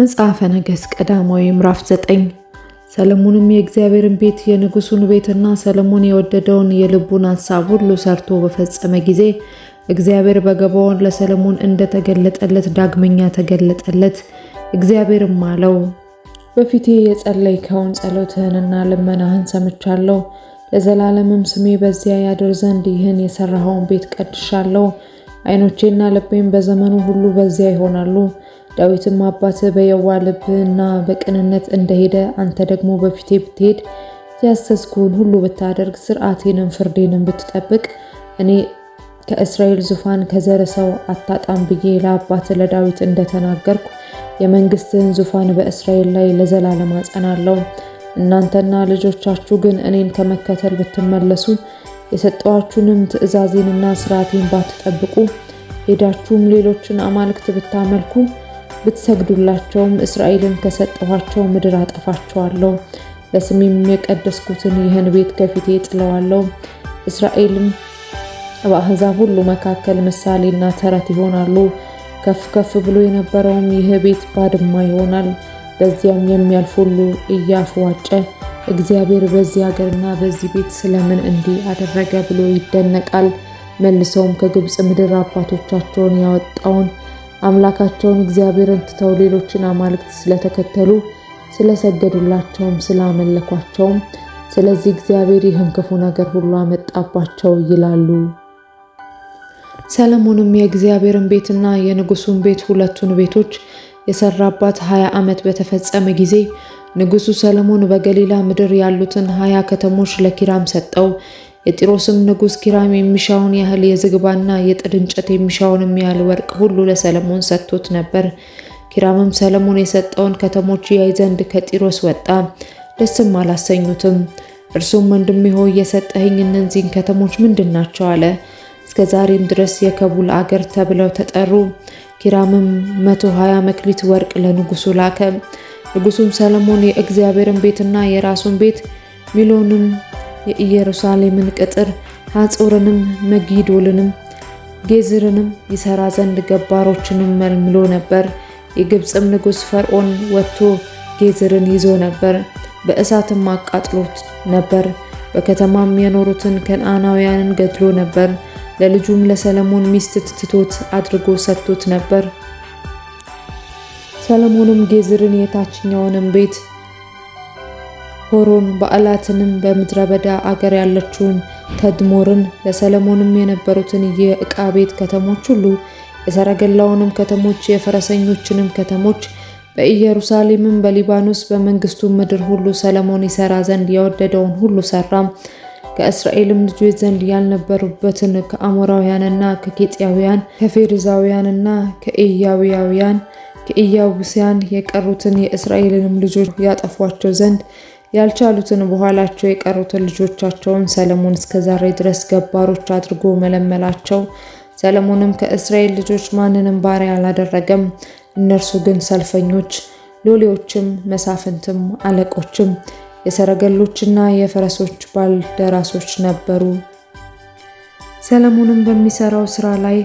መጽሐፈ ነገሥት ቀዳማዊ ምዕራፍ 9 ሰለሞንም የእግዚአብሔርን ቤት የንጉሱን ቤትና ሰለሞን የወደደውን የልቡን ሐሳብ ሁሉ ሰርቶ በፈጸመ ጊዜ እግዚአብሔር በገባዖን ለሰለሞን እንደተገለጠለት ዳግመኛ ተገለጠለት። እግዚአብሔርም አለው በፊቴ የጸለይከውን ጸሎትህንና ልመናህን ሰምቻለሁ። ለዘላለምም ስሜ በዚያ ያድር ዘንድ ይህን የሰራኸውን ቤት ቀድሻለሁ። ዓይኖቼና ልቤም በዘመኑ ሁሉ በዚያ ይሆናሉ። ዳዊትም አባት በየዋ ልብና በቅንነት እንደሄደ አንተ ደግሞ በፊቴ ብትሄድ ያሰስኩን ሁሉ ብታደርግ ስርዓቴንም ፍርዴንም ብትጠብቅ እኔ ከእስራኤል ዙፋን ከዘር ሰው አታጣም ብዬ ለአባት ለዳዊት እንደተናገርኩ የመንግስትህን ዙፋን በእስራኤል ላይ ለዘላለም አጸናለሁ። እናንተና ልጆቻችሁ ግን እኔን ከመከተል ብትመለሱ የሰጠኋችሁንም ትእዛዜንና ስርዓቴን ባትጠብቁ ሄዳችሁም ሌሎችን አማልክት ብታመልኩ ብትሰግዱላቸውም እስራኤልን ከሰጠኋቸው ምድር አጠፋቸዋለሁ፣ ለስሜም የቀደስኩትን ይህን ቤት ከፊቴ ጥለዋለሁ። እስራኤልም በአሕዛብ ሁሉ መካከል ምሳሌና ተረት ይሆናሉ። ከፍ ከፍ ብሎ የነበረውም ይህ ቤት ባድማ ይሆናል። በዚያም የሚያልፍ ሁሉ እያፍዋጨ እግዚአብሔር በዚህ ሀገርና በዚህ ቤት ስለምን እንዲህ አደረገ ብሎ ይደነቃል። መልሰውም ከግብፅ ምድር አባቶቻቸውን ያወጣውን አምላካቸውን እግዚአብሔርን ትተው ሌሎችን አማልክት ስለተከተሉ ስለሰገዱላቸውም ስላመለኳቸውም ስለዚህ እግዚአብሔር ይህን ክፉ ነገር ሁሉ አመጣባቸው ይላሉ። ሰለሞንም የእግዚአብሔርን ቤትና የንጉሱን ቤት ሁለቱን ቤቶች የሰራባት ሀያ ዓመት በተፈጸመ ጊዜ ንጉሱ ሰለሞን በገሊላ ምድር ያሉትን ሀያ ከተሞች ለኪራም ሰጠው። የጢሮስም ንጉሥ ኪራም የሚሻውን ያህል የዝግባና የጥድ እንጨት የሚሻውንም ያህል ወርቅ ሁሉ ለሰለሞን ሰጥቶት ነበር። ኪራምም ሰለሞን የሰጠውን ከተሞች ያይ ዘንድ ከጢሮስ ወጣ፣ ደስም አላሰኙትም። እርሱም ወንድሜ ሆይ የሰጠኸኝ እነዚህን ከተሞች ምንድን ናቸው? አለ። እስከ ዛሬም ድረስ የከቡል አገር ተብለው ተጠሩ። ኪራምም መቶ ሀያ መክሊት ወርቅ ለንጉሱ ላከ። ንጉሱም ሰለሞን የእግዚአብሔርን ቤትና የራሱን ቤት ሚሎንም የኢየሩሳሌምን ቅጥር ሐጾርንም መጊዶልንም ጌዝርንም ይሰራ ዘንድ ገባሮችንም መልምሎ ነበር። የግብፅም ንጉሥ ፈርዖን ወጥቶ ጌዝርን ይዞ ነበር፣ በእሳትም አቃጥሎት ነበር። በከተማም የኖሩትን ከነአናውያንን ገድሎ ነበር። ለልጁም ለሰለሞን ሚስት ትቶት አድርጎ ሰጥቶት ነበር። ሰለሞንም ጌዝርን የታችኛውንም ቤት ሆሮን በዓላትንም በምድረ በዳ አገር ያለችውን ተድሞርን ለሰለሞንም የነበሩትን የእቃ ቤት ከተሞች ሁሉ የሰረገላውንም ከተሞች የፈረሰኞችንም ከተሞች በኢየሩሳሌምም በሊባኖስ በመንግስቱ ምድር ሁሉ ሰለሞን ይሰራ ዘንድ የወደደውን ሁሉ ሰራም። ከእስራኤልም ልጆች ዘንድ ያልነበሩበትን ከአሞራውያንና ከኬጢያውያን ከፌርዛውያንና ከኤያውያውያን ከኢያቡስያን የቀሩትን የእስራኤልንም ልጆች ያጠፏቸው ዘንድ ያልቻሉትን በኋላቸው የቀሩትን ልጆቻቸውን ሰለሞን እስከዛሬ ድረስ ገባሮች አድርጎ መለመላቸው። ሰለሞንም ከእስራኤል ልጆች ማንንም ባሪያ አላደረገም። እነርሱ ግን ሰልፈኞች፣ ሎሌዎችም፣ መሳፍንትም፣ አለቆችም፣ የሰረገሎችና የፈረሶች ባልደራሶች ነበሩ። ሰለሞንም በሚሰራው ስራ ላይ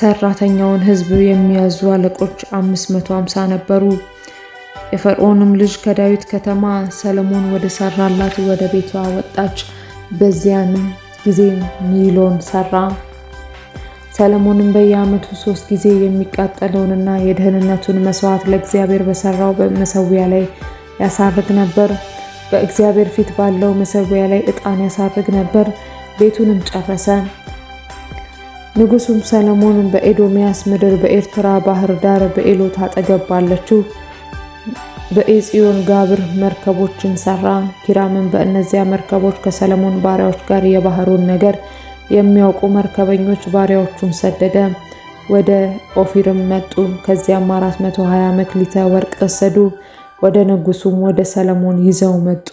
ሰራተኛውን ህዝብ የሚያዙ አለቆች 550 ነበሩ። የፈርዖንም ልጅ ከዳዊት ከተማ ሰለሞን ወደ ሰራላት ወደ ቤቷ ወጣች። በዚያን ጊዜ ሚሎን ሰራ። ሰለሞንም በየዓመቱ ሶስት ጊዜ የሚቃጠለውንና የደህንነቱን መስዋዕት ለእግዚአብሔር በሰራው መሰዊያ ላይ ያሳርግ ነበር። በእግዚአብሔር ፊት ባለው መሰዊያ ላይ ዕጣን ያሳርግ ነበር። ቤቱንም ጨረሰ። ንጉሱም ሰለሞን በኤዶምያስ ምድር በኤርትራ ባህር ዳር በኤሎት አጠገብ ባለችው በኤጽዮን ጋብር መርከቦችን ሰራ። ኪራምን በእነዚያ መርከቦች ከሰለሞን ባሪያዎች ጋር የባህሩን ነገር የሚያውቁ መርከበኞች ባሪያዎቹን ሰደደ። ወደ ኦፊርም መጡ። ከዚያም 420 መክሊተ ወርቅ ወሰዱ። ወደ ንጉሱም ወደ ሰለሞን ይዘው መጡ።